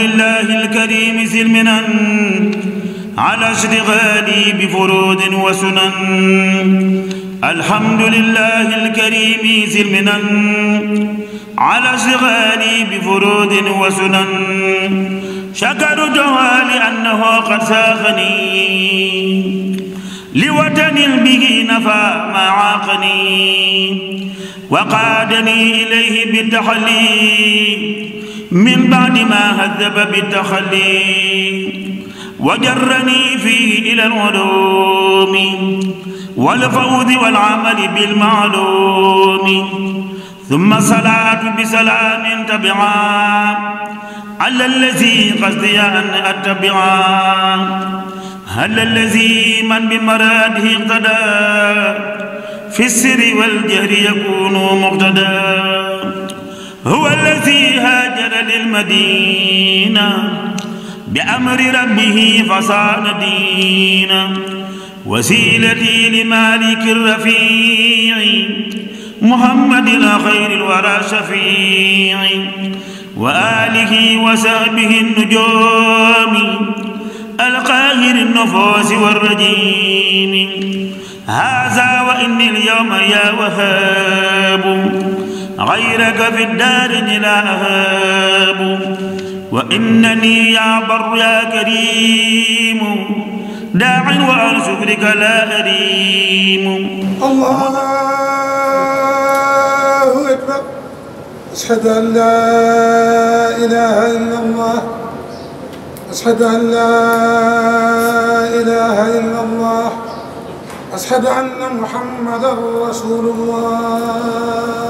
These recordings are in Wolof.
لله الكريم سلمنا على اشتغالي بفروض وسنن الحمد لله الكريم سلمنا على اشتغالي بفروض وسنن شكر جوالي أنه قد ساقني لوطن به نفى ما عاقني وقادني إليه بالتحلي من بعد ما هذب بالتخلي وجرني فيه إلى العلوم والفوز والعمل بالمعلوم ثم صلاة بسلام تبعا على الذي قصدي أن أتبعا هل الذي من بمراده اقتدى في السر والجهر يكون مقتدى هو الذي هاجر للمدينة بأمر ربه فصان دينا وسيلتي لمالك الرفيع محمد الخير الورى شفيع وآله وسهبه النجوم القاهر النفوس والرجيم هذا وإني اليوم يا وهاب غيرك في الدارين لا أهاب وإنني يا بر يا كريم داع وعن شكرك لا أريم الله أكبر أشهد أن لا إله إلا الله أشهد أن لا إله إلا الله أشهد أن محمدا رسول الله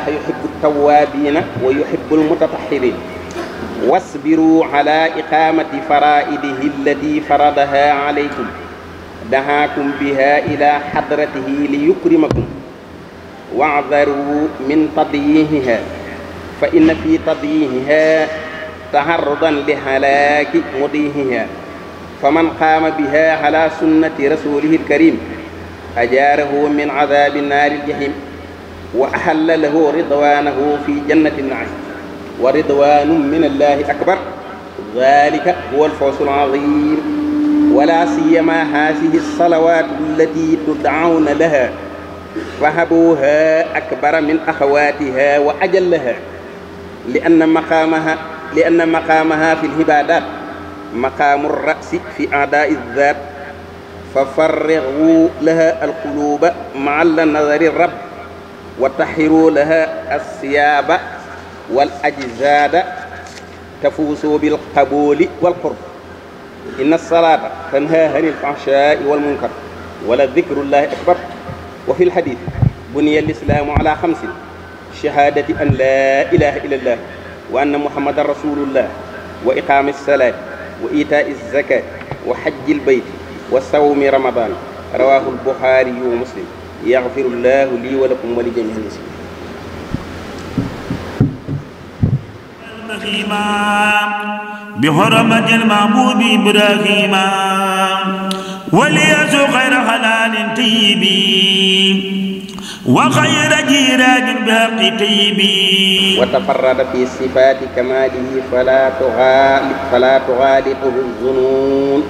allaha yuhibbu tawaabiina wa yuhibbu almutatahirin wasbiru ala iqamati faraidihi allati faradaha alaykum dahaakum biha ila hadratihi li yukrimakum wa'dharu min tadyihiha fa inna fi tadyihiha taharrudan li halaaki mudihiha faman qaama biha ala sunnati rasulihi alkarim ajaarahu min adaabi naari aljahim wa ahalla lahu ridwanahu fi jannati naim wa ridwanu min allahi akbar dalika huwa alfawsu alazim wala siyama hadihi alsalawatu allati tudcauna laha fahabuha akbara min axawatiha wa ajallaha lianna maqaamaha lianna maqaamaha fi lhibadat maqaamu rasi fi aadaai zat fa farrigu laha alquluba maa la nazari rabb wa taxiru laha alsiyaaba wal ajzaada tafuusu bilqabuuli walqurb inna alsalata tanha ani lfahshaai walmunkar wala dicrullahi akbar wa fi lxadit buniya lislaamu ala xamsin shahaadati an laa ilaha illa allah wa anna muhammadan rasulullah wa iqaami alsalaati wa itaai alzakaati wa xajji lbayti wa sawmi ramadan rawahu albuxaariyu wa muslim يغفر الله لي ولكم ولجميع المسلمين بحرمة المحبوب إبراهيم وليسوا خير حلال طيب وخير جيران بحق طيب وتفرد في صفات كماله فلا تغالب فلا تغالطه الظنون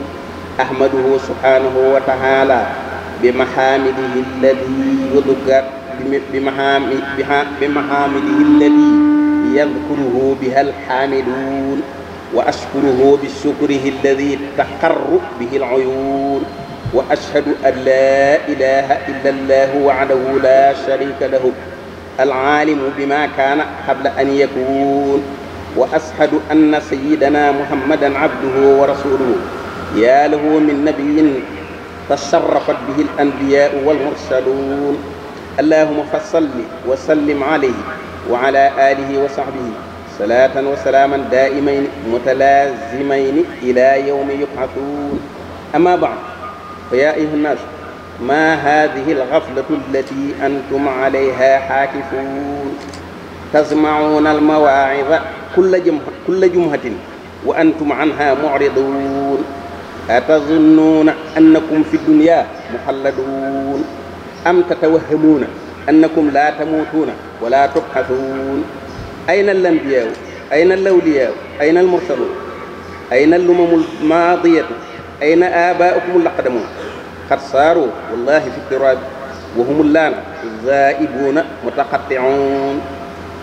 أحمده سبحانه وتعالى بمحامده الذي يذكر بمحامده الذي يذكره بها الحامدون وأشكره بشكره الذي تقر به العيون وأشهد أن لا إله إلا الله وحده لا شريك له العالم بما كان قبل أن يكون وأشهد أن سيدنا محمدا عبده ورسوله يا له من نبي تصرفت به الأنبياء والمرسلون اللهم فصل وسلم عليه وعلى آله وصحبه صلاة وسلاما دائمين متلازمين إلى يوم يبعثون أما بعد فيا أيها الناس ما هذه الغفلة التي أنتم عليها حاكفون تسمعون المواعظ كل جمهة, كل جمهة وأنتم عنها معرضون atazunnuuna annakum fi dunya muxalladuun am tatawahamuuna annakum laa tamuutuuna wala tubxasuun ayna alanbiyaau ayna alawliyaau ayna almursaluun ayna allumamu almaadiyatu ayna aabaaukum alaqdamuun qad saaru wallahi fi tiraabi wa hum llaana zaa'ibuuna mutaqatti'uun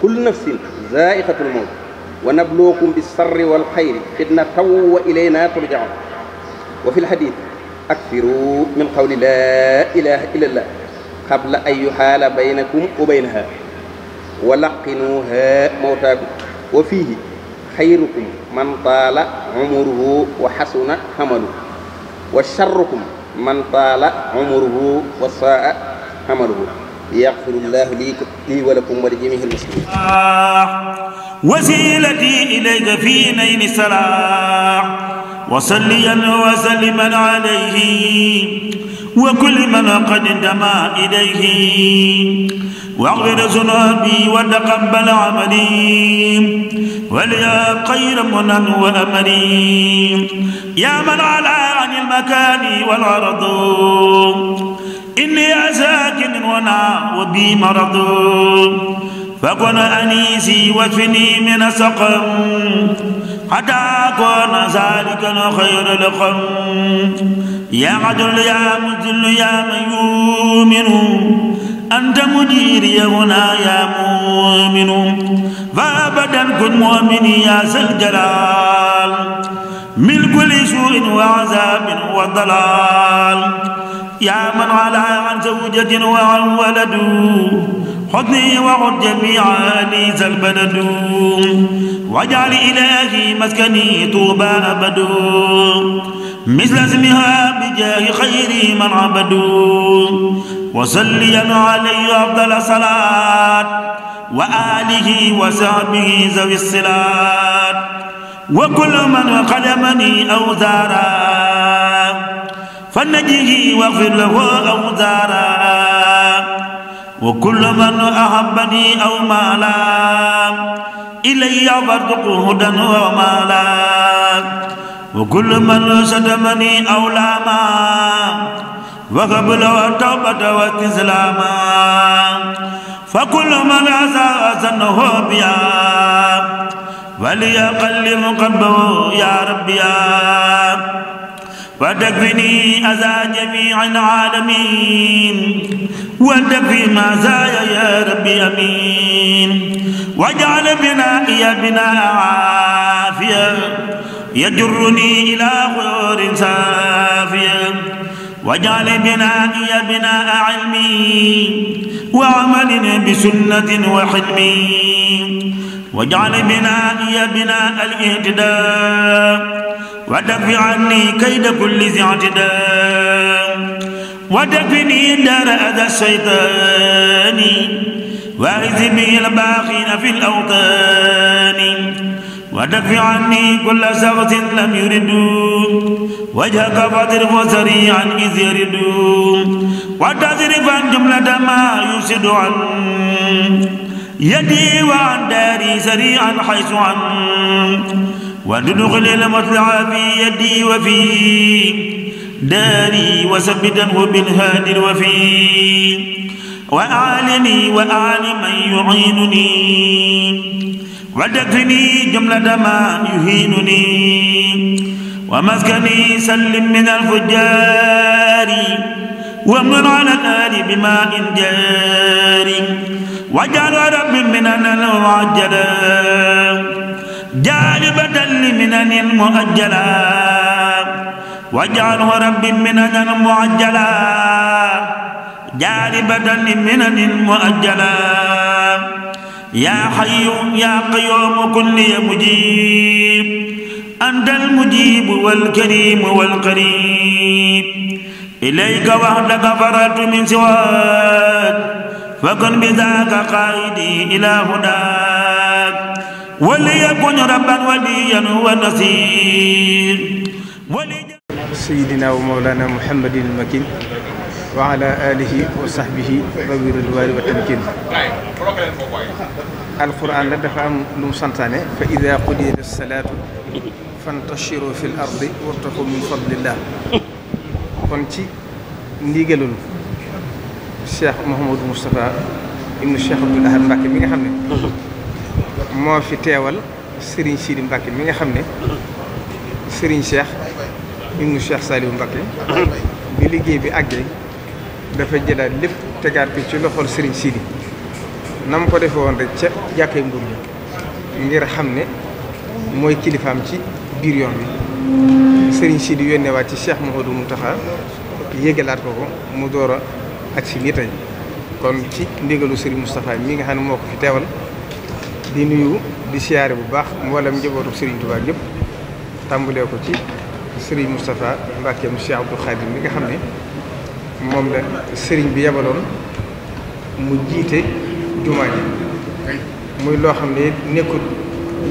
kullu nafsin zaa'iqatu lmawt wa nabluukum bisarri walxayri fitnatan wa ilayna turjacuun wa fi lhadit akthiru min qawli laa ilaha illallah qabla an yuxaala baynakum wa baynaha wa laqinuha mawtaakum wa fiihi xayrukum man taala umuruhu wa xasuna xamalu wa charrukum man taala umuruhu wa saa xamaluhu yaxfirullahu lii wa lakum wa li jamiihi l-muslimin wasiilati ilayka fi nayni salaa وصليا وسلما عليه وكل من قد انتمى إليه واغفر ذنوبي وتقبل عملي وليا خير منن وأملي يا من على عن المكان والعرض إني أساكن وانا وبي مرض فكن أنيسي واشفني من السقم حتى أكون سالكا خير لقم يا عدل يا مذل يا من يؤمن أنت مجيري هنا يا مؤمن فأبدا كن مؤمني يا ذا الجلال من كل سوء وعذاب وضلال يا من على عن زوجة وعن ولد حضني وعد جميعا لي ذا البلد واجعل إلهي مسكني طوبى أبد مثل اسمها بجاه خير من عبدوا وصليا عليه أفضل صلاة وآله وصحبه ذوي الصلاة وكل من قدمني أو زارا فنجه واغفر له أو زارا وكل من أحبني أو مالا إلي برزقه هدى ومالا وكل من شتمني أو لاما وقبل وتوبة واستسلاما فكل من عسى سنه بيا وليقلب قلبه يا ربي وتكفني أذى جميع العالمين وأنت في مزايا يا ربي أمين واجعل بنائي بناء عافية يجرني إلى خير سافية واجعل بنائي بناء علمي وعمل بسنة وحلمي واجعل بنائي بناء الاهتداء ودفع عني كيد كل ذي اعتداء وتكفني دار أذى الشيطان واغث به الباقين في الأوطان وتكف عني كل شخص لم يرد وجهك فاطرف سريعا إذ يرد وتصرف عن جملة ما يفسد عن يدي وعن داري سريعا حيث عن وتدخل المطلع في يدي وفي داري وثبته بالهادي الوفي وأعلني وأعل من يعينني ودفني جملة ما يهينني ومسكني سلم من الفجار وامن على الآل بماء جاري واجعل رب مننا المعجلة جالبة لمنن المؤجلات واجعله رب مننا معجلا جالبة لمنن مؤجلا يا حي يا قيوم كن لي مجيب أنت المجيب والكريم والقريب إليك وحدك فررت من سواك فكن بذاك قائدي إلى هداك وليكن ربا وليا ونصير ولي sayidina wa mawlana muhammadin almakin wa ala alihi wa sahbihi rawi ridwaani wa tamkin alquran la dafa am lu mu santaane fa ida qudiyat salaatu fantashiru fi l ardi wartaxu min fadlillah kon ci ndigalul cheikh Mouhamadou Moustapha ibnu cheikh Abdoul Ahad Mbacke mi nga xam ne moo fi teewal Serigne Sidi Mbacke mi nga xam ne Serigne Cheikh ibnu Cheikh Saliou Mbacké bi liggéey bi àggee dafa jëlaat lépp tegaat ko ci loxol Serigne Sidi na mu ko defee woon rek ca jàkkee mbur mi ngir xam ne mooy kilifaam ci biir yoon bi Serigne Sidi yónneewaat ci Cheikh Mouhamadou Mountakha yégalaat ko ko mu door a ak si nii tey kon ci ndigalu Serigne yi mi nga xam ne moo ko fi teewal di nuyu di siyaare bu baax mboolem njabootu Serigne Touba yëpp tàmbalee ko ci. Serigne Moustapha Mbacke mu Cheikh Abdou Khadim bi nga xam ne moom la Serigne bi yabaloon mu jiite jumaa ji muy loo xam ne nekkul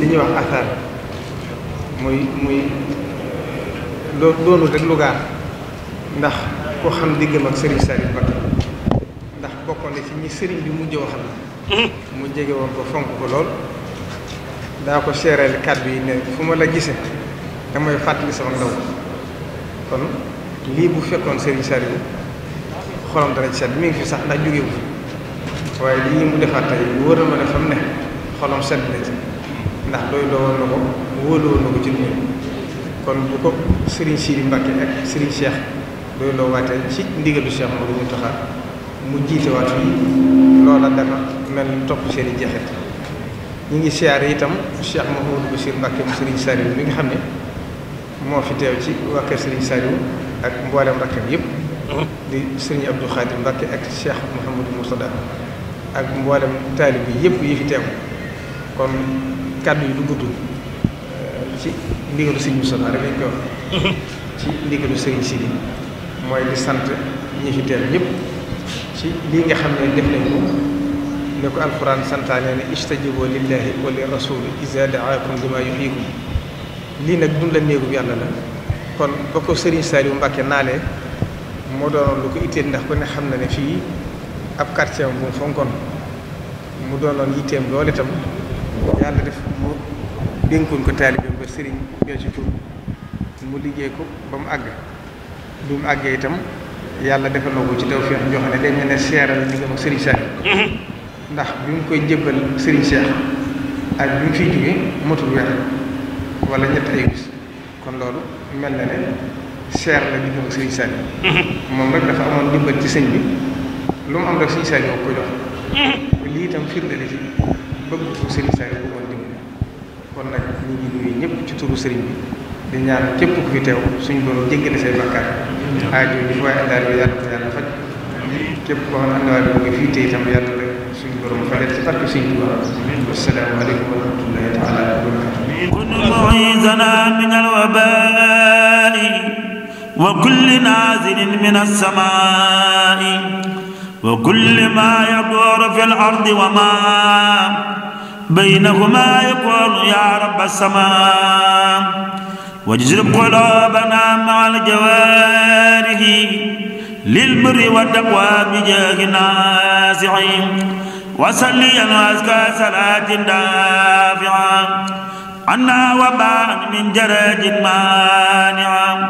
li ñuy wax athar muy muy loo doonul rek lu ndax ko xam diggam ak Serigne Saliou Mbacke ndax bokkoon na ci ñi Serigne bi mujj waxal hmm. mu jege woon ko fonk ko lool daa ko seereel kàddu yi ne fu ma la gise damay fàttali sama ndaw kon lii bu fekkoon Serigne yi xolam dana ci set mi ngi fi sax ndax jógewu fi waaye lii mu defaat tey wóor na ma xam ne xolam set na ndax doy loo na ko wóoloo na ko ci lu kon na ko Serigne Sidi Mbacke ak ci ndigalu Cheikh mu jiite waat fii loola dana mel topp seen i jeexit ñu ngi siyaare itam Cheikh Mouhamadou Bachir Mbacke mu Serigne Saliou mi nga xam ne. moo fi teew ci waa kër Serigne ak mboolem rakkam yëpp. di Serigne Abdou Khadim Mbacké ak Cheikh Mouhamadou Mourtada ak mboolem taalib yi yëpp yi fi teew kon kàddu yi du gudd euh, ci ndigalu Serigne Mourtada rek lañ mooy di sant ñi fi teew ñëpp ci lii nga xam ne def nañ ko. ne ko alxuraan santaane ne istajibu lillahi wa li rasuli iza daakum lima yuxiikum lii nag dund la néegub yàlla la kon ba ko Serigne Saliou Mbacké naale moo doonoon lu ko itteel ndax ku ne xam na ne fii ab quartier bu mu fonkoon mu doonoon yitteem loolu itam yàlla def mu dénkoon ko taalibeem ba Serigne Béthio Thioune mu liggéey ko ba mu àgg du mu àggee itam yàlla defaloo ko ci tawfeex ñoo xam ne dañ ne seeral li nga mag Serigne Saliou ndax bi mu koy jébbal Serigne Cheikh ak bi mu fiy jógee motul weer. wala ñetti ay bis kon loolu mel na ne seer la di ñëw sëriñ Saliou moom rek dafa amoon dimbal ci sëñ bi lu mu am rek sëriñ Saliou moo ko jox mm-hmm. lii itam firnde la ci bëgg kon nag ñu ngi nuyu ñëpp ci turu sëriñ bi di ñaan képp ku fi teew suñ doon jéggale say bakkaar aajo yi waaye daal bi yàlla ko yàlla faj képp koo xam ne fii te itam yàlla borom fayal ci barke Sëñ Tuubaa wassalaamu aleykum wa rahmatullaahi taala wa barakaatuh kun muizana min alwabaai wa kulli naazilin min alsamaai wa kulli maa yaduuru fi alardi wa maa بينهما يقول يا رب السماء واجزر قلوبنا مع الجوارح للبر والتقوى بجاه نازعين وصليا وأزكى صلاة دافعا عنا وباء من جرد مانعا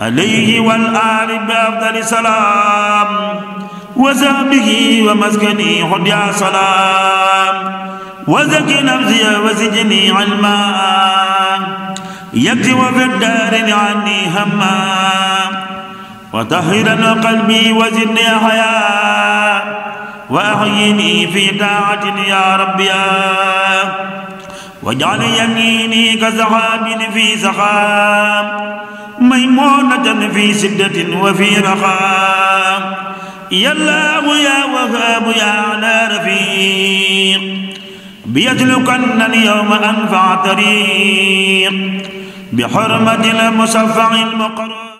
عليه والآل بأفضل سلام وزعبه ومسكني حديا سلام وزكي نفسي وسجني علما يكتب في الدار عني هما وطهرا قلبي وزدني حياه وأحيني في طاعة يا ربي واجعل يميني كسحاب في سخاء ميمونة في سدة وفي رخاء يا الله يا وهاب يا أعلى رفيق بيسلكن اليوم أنفع طريق بحرمة المصفع المقرب